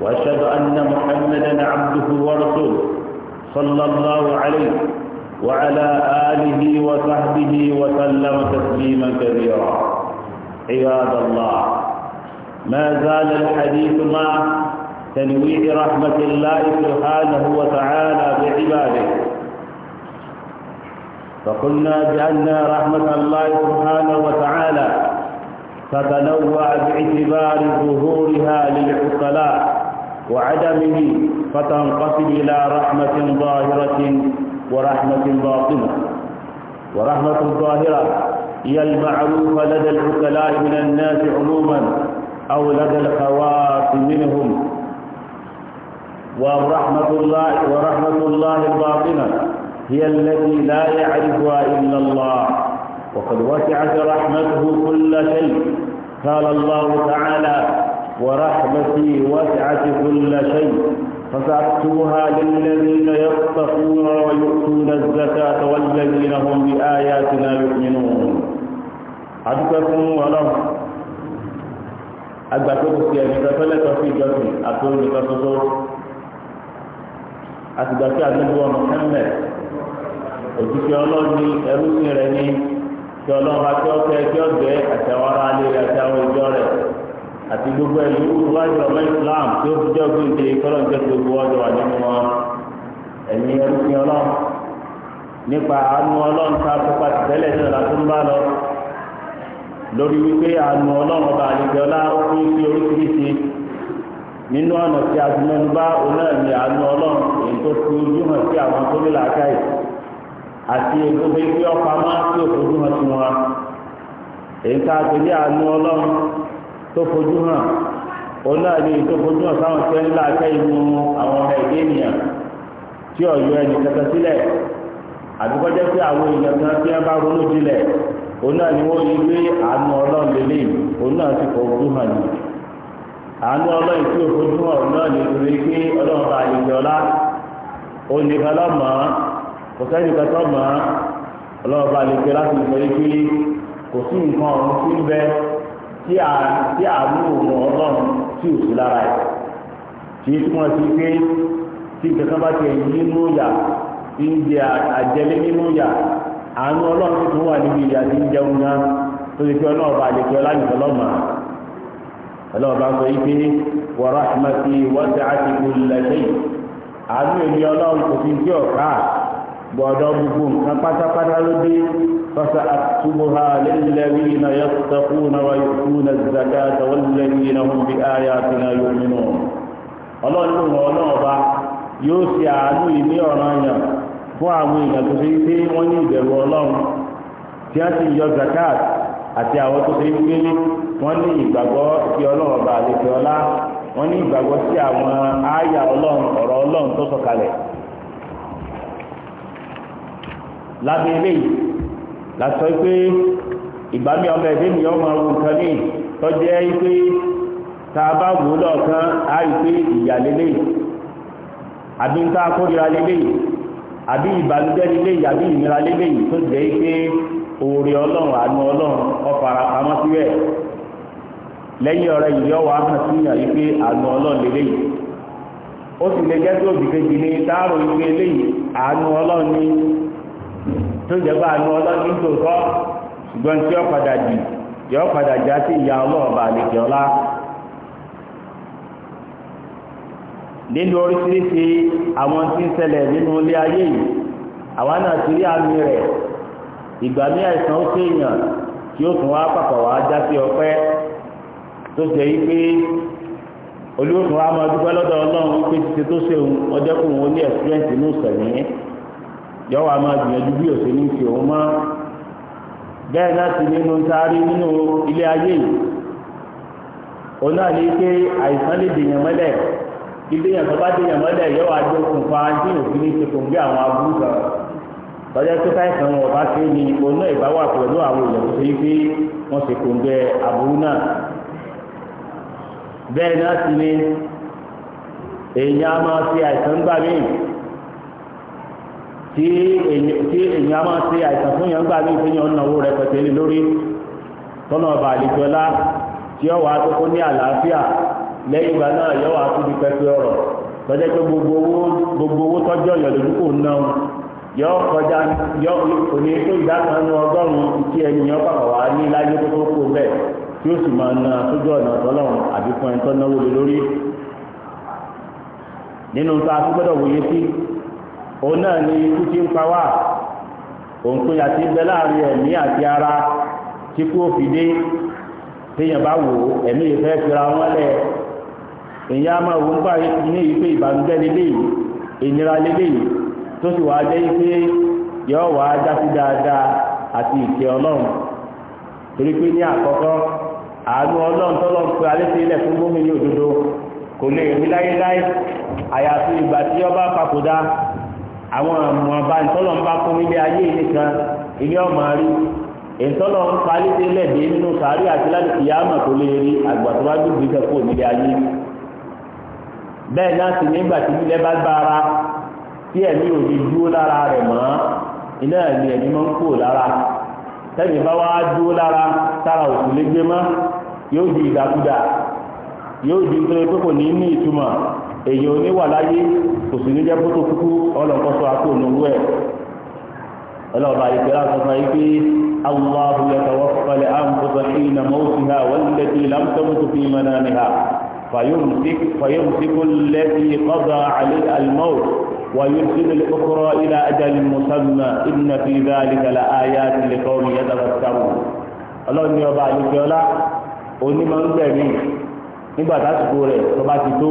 وأشهد أن محمدا عبده ورسوله صلى الله عليه وعلى آله وصحبه وسلم تسليما كثيرا عباد الله ما زال الحديث مع تنويع رحمة الله سبحانه وتعالى بعباده فقلنا بأن رحمة الله سبحانه وتعالى تتنوع باعتبار ظهورها للعقلاء وعدمه فتنقسم إلى رحمة ظاهرة ورحمة باطنة ورحمة الظاهرة هي المعروفة لدى العقلاء من الناس عموما أو لدى الخواص منهم ورحمة الله ورحمة الله الباطنة هي التي لا يعرفها إلا الله وقد وسعت رحمته كل شيء قال الله تعالى ورحمتي وسعت كل شيء فسأكتبها للذين يتقون ويؤتون الزكاة والذين هم بآياتنا يؤمنون أدكتم ولم أدكتم في أجدفلة في جسم أقول لك تصور أتدكي أدنبوا محمد òtítí ọlọ́run ní ẹrúsìn rẹ̀ ní kí ọlọ́run bá kí ọkẹ́ kí ọgbẹ́ àti gbogbo ẹ̀lú ìwádìí ọmọ Islam tí ó fi jẹ́ ogún ìdè kọ́lọ̀ jẹ́ gbogbo ọjọ́ wà nínú wọn ẹ̀yìn ẹrúfin ọlọ́run nípa àánú ọlọ́run ká tó pàtì tẹ́lẹ̀ náà la tó ń lọ lórí wípé àánú ọlọ́run ọba àlejò ọlá ó oríṣiríṣi nínú ọ̀nà tí a ti mẹ́nu bá ọ̀nà ní àánú ọlọ́run èyí tó fi ojú hàn sí àwọn tó ní làákàyè àti tó fojú hàn òun náà ní tó fojú hàn sáwọn tí ń láàkẹ́ àwọn ọmọ ẹ̀dẹ́ ènìyàn tí ọ̀yọ́ ẹni kẹta sílẹ̀ àdúgbọ́jẹ́ pé àwọn èèyàn kan tí wọ́n bá ronú jinlẹ̀ òun náà ni wọ́n yí pé àánú ọlọ́run lélẹ̀ òun náà hàn ní àánú ọlọ́run tí fojú hàn òun náà pé ọlọ́run bá tí àánú òun ọlọ́run tí ò sí lára ẹ̀ tí í túmọ̀ sí pé tí kankan bá tiẹ̀ nínú yà ìjẹ àjẹlé nínú yà àánú ọlọ́run tó wà níbi ìyá tí ń jẹun náà tó lè fi ọlọ́run bá àlejò ọlánìkan lọ́mọ ọlọ́run bá sọ yìí pé wọ́n rà sí wọ́n ti àti kò lẹ́sẹ̀ àánú èmi ọlọ́run kò fi ń tí ọ̀ká bọ̀dọ̀ gbogbo na pátápátá ló dé fasa àtúbọ̀há lẹ́lẹ́rí na na wa na zaka na wọn bí na yóò nínú ọlọ́run wọn ọlọ́ọ̀ba yóò ṣe àánú ìní ọ̀ràn fún àwọn èèyàn tó pé wọ́n ní ìbẹ̀rù ọlọ́run tí a sì yọ zakat àti àwọn tó ṣe pé wọ́n ní ìgbàgbọ́ ti àlejò ọlá wọ́n ní ìgbàgbọ́ sí àwọn lábẹ́ eléyìí lásọ pé ìgbà ọmọ ẹ̀dẹ́ ọmọ ọrùn kan ní tọ́jẹ́ pé tá a bá wò lọ́ọ̀kan á pé ìyà lélẹ́yìí àbí ń tá a kórìíra lélẹ́yìí àbí ìbànújẹ́ lélẹ́yìí àbí ìnira lélẹ́yìí tó jẹ́ pé oore ọlọ́run àánú ọlọ́run ọ̀fara pamọ́ síbẹ̀ lẹ́yìn ọ̀rẹ́ yìí ọwọ́ ahọ́n sí yàn yìí pé àánú ọlọ́run lélẹ́yìí ó sì lè jẹ́ tó òbí kejì tó jẹ́ bá àánú ọlọ́dún tó kọ́ ṣùgbọ́n tí ó padà dì yọ padà já sí ìyá ọlọ́ọ̀bà àlejò ọlá nínú oríṣiríṣi àwọn tí ń ṣẹlẹ̀ nínú ilé ayé yìí àwa náà ti rí àmì rẹ̀ ìgbà ní àìsàn ó séèyàn tí ó tún wá pàpà wá já sí ọpẹ́ tó ṣe yí pé olóòtú wa máa dúpẹ́ lọ́dọ̀ ọlọ́run wípé ti ṣe tó ṣe òun ọjọ́ kò wọ́n ní ẹ̀sìrẹ́ǹtì ní ìsẹ̀yìn yọ́wọ́ a máa gbìyànjú bí òsè ní fi òun mọ́ bẹ́ẹ̀ náà nínú nínú ilé ayé yìí o náà ní pé àìsàn lè mọ́lẹ̀ ilé tó bá mọ́lẹ̀ yọ́wọ́ òkùnfà tí ní ṣe àwọn tó káìsàn wọn bá ṣe ìbáwà pẹ̀lú àwọn èèyàn tó ṣe pé wọ́n ṣe kò ń àbúrú náà tí èyàn a máa ṣe àìsàn fún yàn gbà ní ìfẹ́yàn ọ̀nà owó rẹpẹtẹ ní lórí tọ́nà ọba àlejòọlá tí ọwọ́ akókó ní àlàáfíà lẹ́yìn ìgbà náà yọwọ́ akóbi pẹ́pẹ́ ọ̀rọ̀ lọ́jọ́ pé gbogbo owó tọ́jú ọ̀yọ̀ lójú kò ná yọ kọjá yọ òní tó ìdá kan nu ọgọ́rùn-ún tí ènìyàn pàpà wá ní láyé tó tó kó bẹ́ẹ̀ tí ó sì máa na sójú ọ̀nà tọ́lọ́run àbí fún ẹni tó náwó lé lórí nínú tó a tún gbọ́dọ̀ wòye òun náà ni ikú tí ń pa wá òǹkúnyà ti ń bẹ láàrin ẹ̀mí àti ara tí kú ó dé téèyàn bá wò ó ẹ̀mí yìí fẹ́ fira wọn lẹ ìyá máa wò ń ní ìpè ìbànújẹ́ lélẹ́yìí ìnira lélẹ́yìí tó sì wàá jẹ́ pé yọ wàá jásí dáadáa àti ìkẹ́ ọlọ́run torí pé ní àkọ́kọ́ àánú ọlọ́run ọba àwọn àmọ́ ọba ìtọ́lọ̀ ń bá fún ilé ayé nìkan ilé ọmọ rí ìtọ́lọ̀ ń parí sí lẹ́ẹ̀dẹ́ nínú sàárì àti láti fi àmọ̀ tó lè rí àgbà tó bá dùn bí kẹ́kọ̀ọ́ nílé ayé bẹ́ẹ̀ náà sì nígbà tí ilé bá gbára tí ẹ̀mí ò ní dúró lára rẹ̀ mọ́ iná ẹ̀mí ẹ̀mí máa ń kúrò lára tẹ́mi bá wá dúró lára tára òkú lé gbé mọ́ yóò di ìdàkudà yóò di nítorí pé kò ní ní ìtumọ̀ èyí ò ní wà láyé kò sì ní jẹ́ kó tó kúkú ọlọ́kọ́sọ àti ònúwú ẹ̀ ọlọ́ọ̀bá ìpẹ́ àtọ́fà ipé Allahu yatawaffa al-anfusa hina mawtiha wallati lam tamut fi manamiha فيمسك فيمسك التي قضى عليها الموت ويرسل الأخرى إلى أجل مسمى إن في ذلك لآيات لقوم يتفكرون Ọlọ́run ní ọba àlejò onímọ̀ ń gbẹ̀mí nígbà tásìkò rẹ̀ tó bá ti tó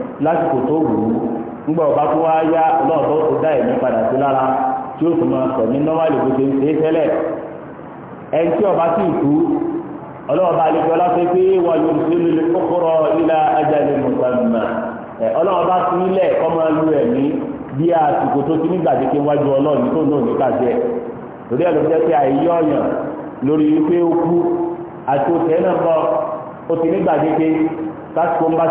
lásìkò tó wù ú nígbà ọba tó wá yá ọlọ́ọ̀bọ tó dá ẹ̀mí padà sí lára tí ó sì máa sọ ní nọ́wálì bó ṣe ń ṣe é tẹ́lẹ̀ ẹni tí ọba sì kú ọlọ́ọ̀bá alẹ́kọ̀ọ́ láti pé wà yóò ṣe lulẹ̀ kọ́kọ́rọ́ ilá ajáde mùsàlùmá ọlọ́ọ̀bá sílẹ̀ kọ́ máa lu ẹ̀mí bí àsìkò tó ti nígbà tí kí n wájú ọlọ́ọ̀ni tó náà ní kàṣẹ torí ẹ̀ ló jẹ́ pé àìyọ́yàn lórí wípé ó kú àti òtẹ́ náà bọ́ ó ti nígbà kéke lásìkò ń bá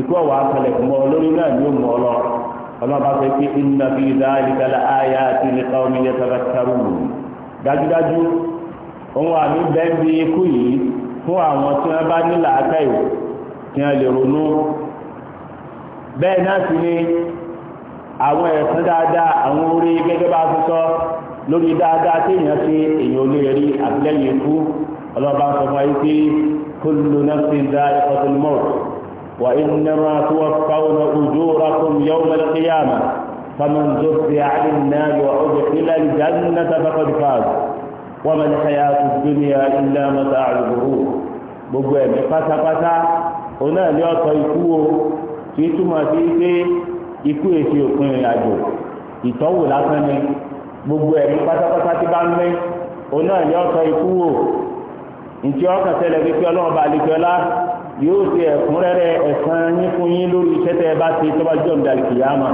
ikú ọ̀wà akọlẹ̀ mọ́ lórí náà ni ó mọ́ ọ lọ ọlọ́ba fẹ́ pé inna fi dhalika la ayatin li qawmin yatafakkarun dájúdájú òun àmì bẹ́ẹ̀ bí ikú yìí fún àwọn tí wọ́n bá ní làákàyè kí wọ́n lè ronú bẹ́ẹ̀ náà sì ni àwọn ẹ̀sán dáadáa àwọn orí gẹ́gẹ́ bá fi sọ lórí dáadáa tí èèyàn ṣe èèyàn olè rí àtìlẹ́yìn ikú ọlọ́ba sọ fún ayé pé kullu nafsin dha'iqatul maut وإنما توفون أجوركم يوم القيامة فمن زرزي عن النار وأدخل الجنة فقد فاز وما الحياة الدنيا إلا متاع الغرور gbogbo ẹ̀mí pátápátá òun náà ní ọ̀tọ̀ ikú o kì í túmọ̀ sí pé ikú èsì òpin ìrìn àjò ìtọ́wò lásán ni gbogbo ẹ̀mí pátápátá ti bá ń mí òun náà ní ọ̀tọ̀ ikú o ntí ọkàn ṣẹlẹ̀ pé kí ọlọ́run bá lè fi ọlá yóò ṣe ẹ̀kúnrẹ́rẹ́ ẹ̀san yín fún yín lórí iṣẹ́ tẹ́ ẹ bá ṣe tọ́ba jọ̀ ǹdà kìyàmà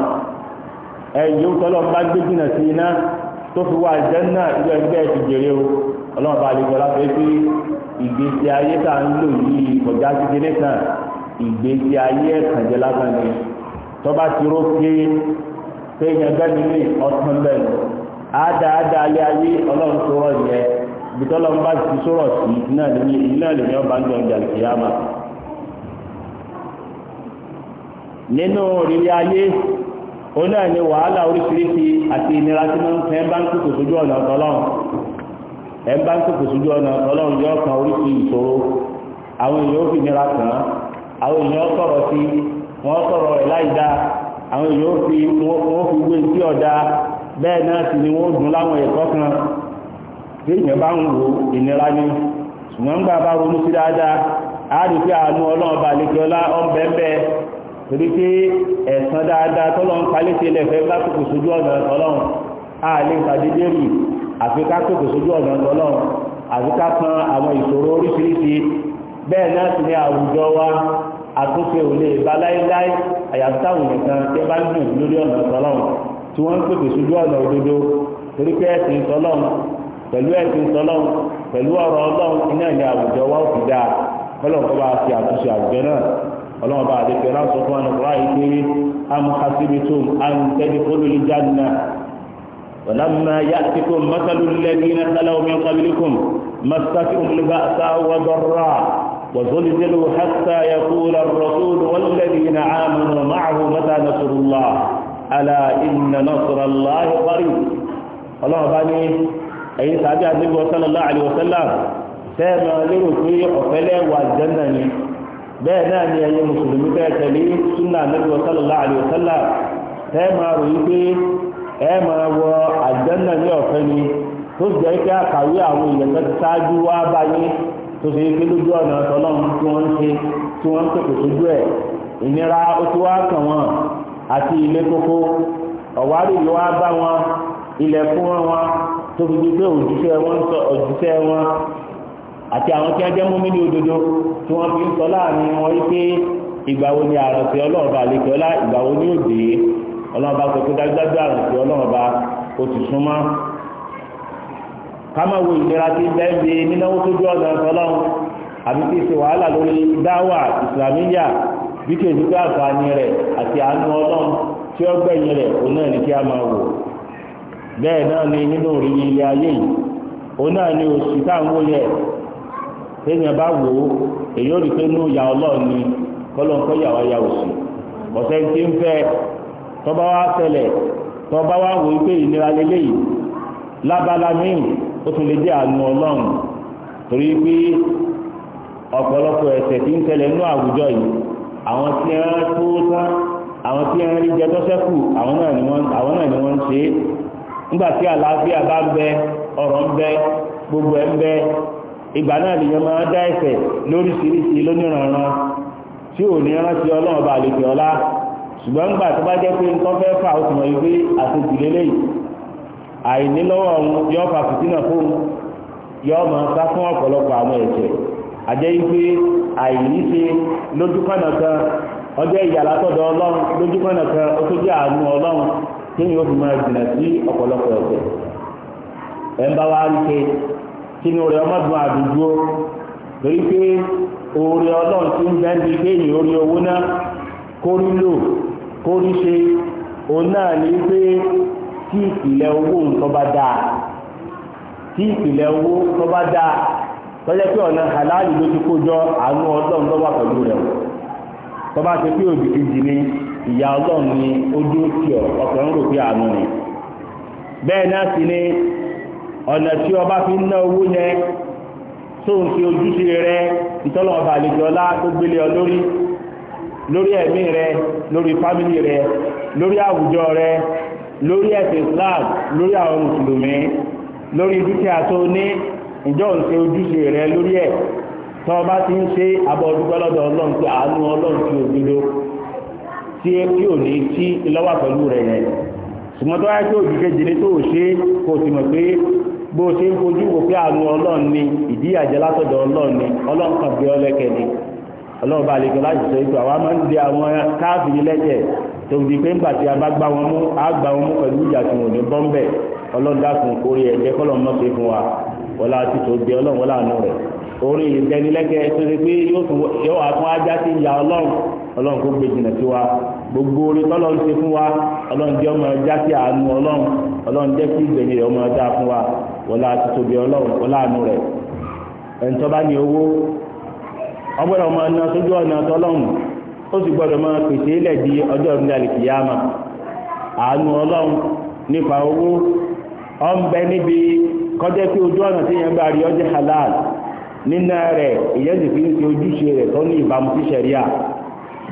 ẹ yóò tọ́lọ́ bá gbé jìnnà sí iná tó fi wá àlùjánnà ìlú ẹgbẹ́ ẹ̀ ti jèrè o ọlọ́run bá lè gbọ́lá pé pé ìgbésí ayé tá à ń lò yìí kọjá sí kéde kan ìgbésí ayé ẹ̀sán jẹ́ lásán ni tọ́ba ti rókè pé yẹn gbẹ́ni ní ọ̀tún bẹ́ẹ̀ àádá àádá alẹ́ ayé ọlọ́run sọ̀rọ̀ yẹn ibi tọ́lọ́run nínú rírí ayé o náà ní wàhálà oríṣiríṣi àti ìnira tí wọ́n fẹ́ bá ń kòkò sójú ọ̀nà ọ̀tọ́lọ́run ẹ̀ bá ń kòkò sójú ọ̀nà ọ̀tọ́lọ́run yóò kan oríṣi ìṣòro àwọn èèyàn ó fi nira kàn án àwọn èèyàn sọ̀rọ̀ sí wọ́n sọ̀rọ̀ rẹ̀ àwọn èèyàn ó fi wọ́n fi wé e sí ọ̀dà bẹ́ẹ̀ náà bá ń wo ìnira ni ṣùgbọ́n gbà bá ronú sí dáadáa á torí pé ẹ̀sán dáadáa tọ́lọ́run palẹ́ sí ilẹ̀ fẹ́ lákòókò sójú ọ̀nà ọlọ́run a lè sàdédé rì àfi ká kòkò sójú ọ̀nà ọlọ́run àfi ká kan àwọn ìṣòro oríṣiríṣi bẹ́ẹ̀ náà sì ni àwùjọ wa àtúnṣe ò lè bá láíláí àyàfi táwọn nìkan tí ẹ bá ń gbìn lórí ọ̀nà ọlọ́run tí wọ́n ń pèpè sójú ọ̀nà òdodo torí pé ẹ̀sìn tọ́lọ́run pẹ̀lú ẹ̀sìn tọ́lọ́run pẹ̀lú ọ̀rọ̀ ọlọ́run iná ní àwùjọ wa ò fi dáa kọ́lọ̀ kọ́ bá fi àtúnṣe àwùjọ náà ọlọ́wọ́n bá àdékè ránṣọ fún wọn kúrò àyè pé amúhásíbítùm àǹtẹ́dìkọ́lù jáde ولما يأتكم مثل الذين خلوا من قبلكم مستهم البأساء والضراء وزلزلوا حتى يقول الرسول والذين آمنوا معه متى نصر الله ألا إن نصر الله قريب ọlọ́run bá ní ẹ̀yin sàbí àdébí sallallahu alaihi wasallam tẹ́ẹ̀mọ̀ lérò pé ọ̀fẹ́lẹ́ bẹ́ẹ̀ náà ni ẹ̀yin mùsùlùmí bẹ́ẹ̀ tẹ̀lé súnà Ànábì sallallahu alaihi wasallam ẹ máa rò wípé ẹ máa wọ àjẹ́nà ní ọ̀fẹ́ ni tó jẹ́ kí àkàwé àwọn èèyàn tó ti ṣáájú wá báyé tó ṣe pé lójú ọ̀nà ọ̀tọ̀lọ́run tí wọ́n ń ṣe tí wọ́n ń pèpè sójú ẹ̀ ìnira ó ti wá kàn wọ́n àti ilé kókó ọ̀wárí ló wá bá wọn ilẹ̀ fún wọn tó fi gbé òjíṣẹ́ wọn àti àwọn tí wọ́n jẹ́ mùmínì òdodo tí fi ń sọ láàrin wọn wípé ìgbà ni àròsẹ̀ ọlọ́ọ̀ba àlejò ọlá ìgbà wo ni òde ọlọ́ọ̀ba sọ pé dájúdájú àròsẹ̀ ti súnmọ́ ká má ìlera tí bẹ́ẹ̀ bí nínáwó sójú ọ̀nà ọlọ́run àbí ti ṣe wàhálà lórí dáwà ìsìlámíyà bí kò ní pé àǹfààní rẹ̀ àti àánú ọlọ́run tí ó gbẹ̀yìn rẹ̀ òun náà kí a máa téèyàn bá wò ó èyí ò rí pé inú ìyá ọlọ́run ni kọ́lọ́ńkọ́ yà wá yà òsì ọ̀sẹ̀ tí ń fẹ́ tọ́ba wá ṣẹlẹ̀ tọ́ba wá wò wípé ìnira lélẹ́yìí lábala míì ó tún lè jẹ́ àánú ọlọ́run torí pé ọ̀pọ̀lọpọ̀ ẹ̀ṣẹ̀ tí ń ṣẹlẹ̀ nínú àwùjọ yìí àwọn tí ń tó tán àwọn tí ń rí jẹ tó àwọn náà ni wọ́n ń ṣe é nígbà tí àlàáfíà bá ń bẹ ọ̀rọ̀ ń bẹ gbogbo ẹ̀ ń bẹ ìgbà náà lèèyàn máa dá lori lóríṣiríṣi lóníranran tí ò ní rántí ọlọ́run bá ọlá ṣùgbọ́n nígbà tó bá jẹ́ pé nǹkan fẹ́ fà ó sì mọ̀ wípé àtòjù lélẹ́yìí àìnílọ́wọ́ ọ̀hún yọ fà fìtínà fóun yọ máa sá fún ọ̀pọ̀lọpọ̀ àwọn ẹ̀ṣẹ̀ àjẹ́ wípé àìníṣe lójúkọ̀nà kan ọjọ́ ìyàlátọ̀dọ̀ ọlọ́run lójúkọ̀nà kan ó tó jẹ́ àánú ọlọ́run tí yóò fi máa jìnà sí ọ̀pọ̀lọpọ̀ ẹ̀ ń bá kínú rẹ̀ ọmọdún àdúgbò torí pé oore ọlọ́run tí ń bẹ́ẹ̀ni kéèyàn orí owó náà kórí lò kórí ṣe o náà ní pé kí ìpìlẹ̀ owó nǹkan bá dáa tí ìpìlẹ̀ owó tó bá dáa tọ́jẹ́ pé ọ̀nà halali ló ti kó jọ àánú ọlọ́run ni ìyá ọlọ́run ni ọ rò pé àánú ni bẹ́ẹ̀ náà ọ̀nà tí ọba fi ń ná owó yẹn tó ń fi ojúṣe rẹ ìtọ́lọ́ ọba àlejò ọlá tó gbélé ọ lórí lórí ẹ̀mí rẹ lórí fámìlì rẹ lórí àwùjọ rẹ lórí ẹ̀sìn Islam lórí àwọn mùsùlùmí lórí dúkìá tó ní ìjọ ń ṣe ojúṣe rẹ lórí ẹ̀ tó ọba ti ń ṣe abọ́dúgbọ́lọ́dọ̀ ọlọ́run pé àánú ọlọ́run ti òdodo tí tí ò ní tí lọ́wọ́ pẹ̀lú rẹ̀ yẹn ṣùgbọ́n tó wáyé tó òjì kejì ní tó ò ṣe kò sì mọ̀ pé bó ṣe ń fojú wò pé àánú ọlọ́run ni ìdí àjẹ́ látọ̀dọ̀ ọlọ́run ni ọlọ́run kan gbé ọlẹ́kẹ̀ ni ọlọ́run bá lè gbé láti sọ ètò àwa máa ń di àwọn káàfìrí lẹ́jẹ̀ tó di pé ńgbà tí a bá gbá wọn mú á gbá wọn mú pẹ̀lú ìjà tí wọn ò ní bọ́ ń bẹ̀ ọlọ́run dákun orí ẹ̀jẹ̀ kọ́lọ́run mọ́ ṣe fún wa wọlá ti tó di ọlọ́run wọlá àánú rẹ̀ orí ìdẹnilẹ́kẹ̀ tó ṣe pé yóò wà fún ajá sí ìyá ọlọ́run ọlọ́run kó gbé jìnà sí wa gbogbo orí tọ́lọ́run ṣe fún wa ọlọ́run jẹ́ ọmọ ẹja sí àánú ọlọ́run ọlọ́run jẹ́ kí ìgbẹ̀yìn rẹ̀ ọmọ ẹja fún wa wọlá títóbi ọlọ́run wọlá àánú rẹ̀ ẹ̀ńtọ́ bá ní owó ọgbọ́dọ̀ sójú ọ̀nà tọ́lọ́run ó sì gbọ́dọ̀ pèsè ilẹ̀ di ọjọ́ ìrìnàlè kìyàmà àánú ọlọ́run nípa owó níbi kọjá pé ojú ọ̀nà tí yẹn bá rí halal nínú rẹ̀ fi ń ṣe ojúṣe rẹ̀ tó ní ìbámu sí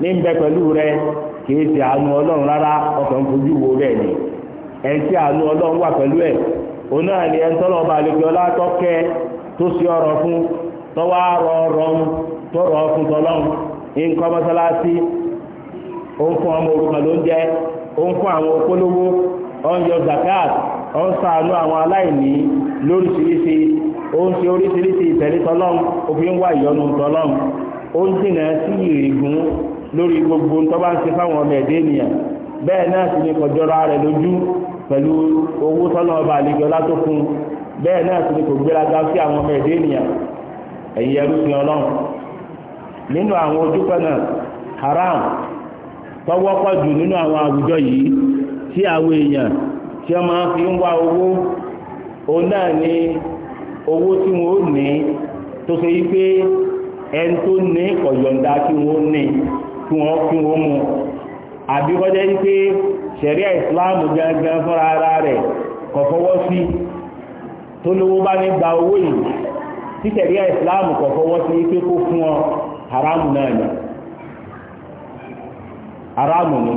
ní ń bẹ pẹ̀lú rẹ kìí ṣe àánú ọlọ́run rárá ọkàn fojú wo ni ẹni tí àánú ọlọ́run wà pẹ̀lú ẹ̀ òun ni ẹni tọ́lọ́ ọba àlejò ọlá tọ́kẹ́ tó ṣe fún tọ́wọ́ àrọ̀ ọrọ̀ tó rọ̀ fún tọ́lọ́run nǹkan mọ́sálásí ó ń fún ọmọ òrukàn ló ń jẹ ó ń fún àwọn opolówó ó ń yọ zakat ó ń ṣàánú àwọn aláìní lóríṣiríṣi ó ń ṣe oríṣiríṣi ìtẹ̀lé tọ́lọ́run ìyọnu lórí gbogbo tó bá ń ṣe fáwọn ọmọ ẹ̀dẹ́ ènìyàn bẹ́ẹ̀ náà sì ni kọjọ́ra rẹ̀ lójú pẹ̀lú owó tọ́nà ọba àlejò látó fún bẹ́ẹ̀ náà sì ni kò gbéraga sí àwọn ọmọ ẹ̀dẹ́ ènìyàn ẹ̀yìn ẹrú fi ọlọ́run nínú àwọn ojúkọ̀nà haram tọ́wọ́pọ̀ jù nínú àwọn àwùjọ yìí tí àwọn èèyàn tí wọ́n máa fi ń wá owó òun náà ni owó tí wọ́n ní tó ṣe yí pé ẹni tó ní kọ̀yọ̀ǹda kí wọ́n ní kí wọ́n kí wọ́n mú àbí kọjá yí pé ṣẹ̀ríà ìsìláàmù gangan fúnra ara rẹ̀ kò fọwọ́ sí tó lówó bá ní gba owó yìí tí ṣẹ̀ríà ìsìláàmù kò fọwọ́ sí pé kó fún ọ haramu náà ni haramu ni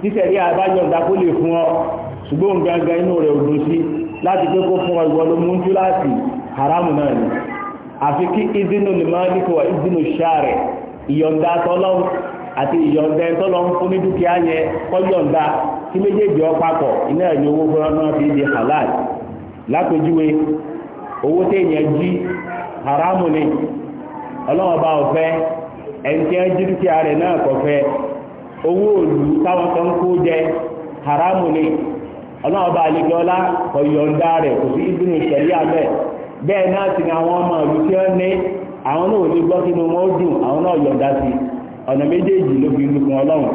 tí ṣẹ̀ríà àbájọ ìdá kó lè pé kó fún ọ ìwọ ìdínú lè máa ní ìdínú ṣáà rẹ̀ ìyọ̀ǹda tọ́lọ́wọ́ àti ìyọ̀ǹda ẹ̀tọ́ lọ ń fún ní dúkìá yẹn kọ́yọ̀ǹda méjèèjì iná ẹ̀ owó fún fi di halal lápèjúwe owó téèyàn jí haramu ni ọlọ́wọ́n bá ọ̀fẹ́ tí jí dúkìá rẹ̀ náà kò fẹ́ owó òlù táwọn kó jẹ haramu ni ọlọ́wọ́n bá ọlá kọ̀yọ̀ǹda rẹ̀ kò sí ìṣẹ̀lẹ̀ bẹ́ẹ̀ náà sì ni àwọn ọ̀nà méjèèjì ló fi rúkun ọlọ́run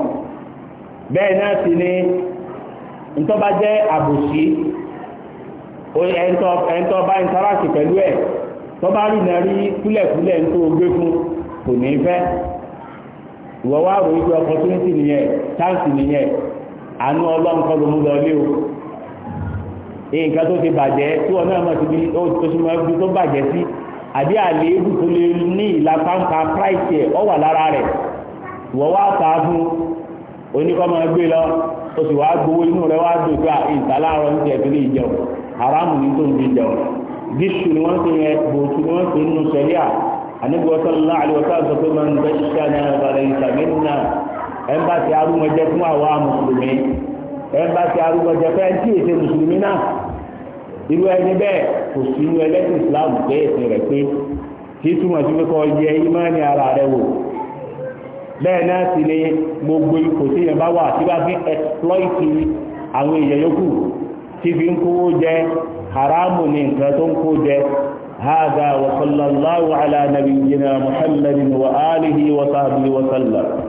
bẹ́ẹ̀ náà ni ntọ́ba jẹ́ àbòsí bá pẹ̀lú ẹ̀ tọ́ba rí kúlẹ̀kúlẹ̀ tó gbé kò ní fẹ́ nìyẹn nìyẹn àánú ọlọ́run kọ́ ló mú lọ o nǹkan tó ti bàjẹ́ tí wọn náà mọ̀ ó ti mọ ibi tó bàjẹ́ sí àbí àléébù tó lè ní price ẹ̀ wọ́n wá ta fún oníkọ́mọ la lọ o sì wá gbowó inú rẹ wá dùn pé ìtàláàrọ̀ ní tiẹ̀ fi lè jẹun haramu ní tó ń di jẹun gíṣù ni wọ́n ti yẹ bòtú ni wọ́n ti nù sẹ́ríà àníbi wọ́n sọ̀rọ̀ náà àlewọ́sọ̀ máa ń bẹ́ ṣíṣe àná ìbàdàn ìsàmì nà ẹ̀ńbà arúgbọ́jẹ fún àwa mùsùlùmí arúgbọ́jẹ fẹ́ tí èsè mùsùlùmí náà irú ẹni bẹ́ẹ̀ kò bẹ́ẹ̀ náà sì ni gbogbo ipò tí yẹn bá wà tí bá fi exploit àwọn èèyàn yòókù tí fi ń kówó jẹ haramu ni nǹkan tó ń kó jẹ هذا وصلى الله على نبينا محمد وآله وصحبه وسلم